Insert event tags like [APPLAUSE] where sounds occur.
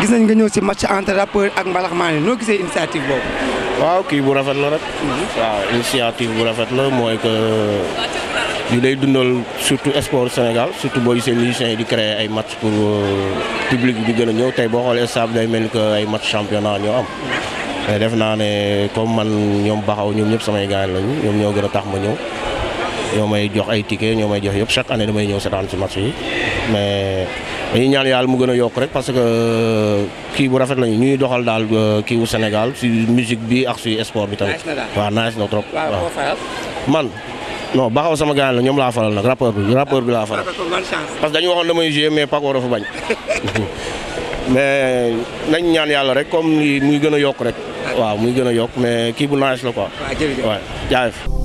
gis nañ nga ñëw si match entre rappeur ak mbalaxmaane noo gisee initiative boobu. waaw kii bu rafet la rek. waaw initiative bu rafet la mooy que ñu lay dundal surtout sport Sénégal surtout boo gisee musiciens yi di créer ay match pour euh, public bi di gën a ñëw tey boo xoolee stade day mel ni que ay match championnat ñoo am. mais def naa ne comme man ñoom baxaw ñoom ñëpp samay gaañ lañu ñoom ñoo gën a tax ma ñëw. ñoo may jox ay ticket ñoo may jox yëpp chaque année damay ñëw seetaan si match yi mais dañuy ñaan yàlla mu gën a yokk rek parce que euh, kii bu rafet lañu ñuy doxal daal euh, kii bu Sénégal si musique bi ak si sport bi tamit. waa nice na trop waaw man. non baxaw sama gars la ñoom laa faral nag rappeur bi rappeur bi laa faral parce que dañu waxoon damay jouer mais Paco dafa bañ [LAUGHS] mais nañ ñaan yàlla rek comme muy gën a yokk rek waaw muy gën a yokk mais kii bu nice la quoi waaw jaajëf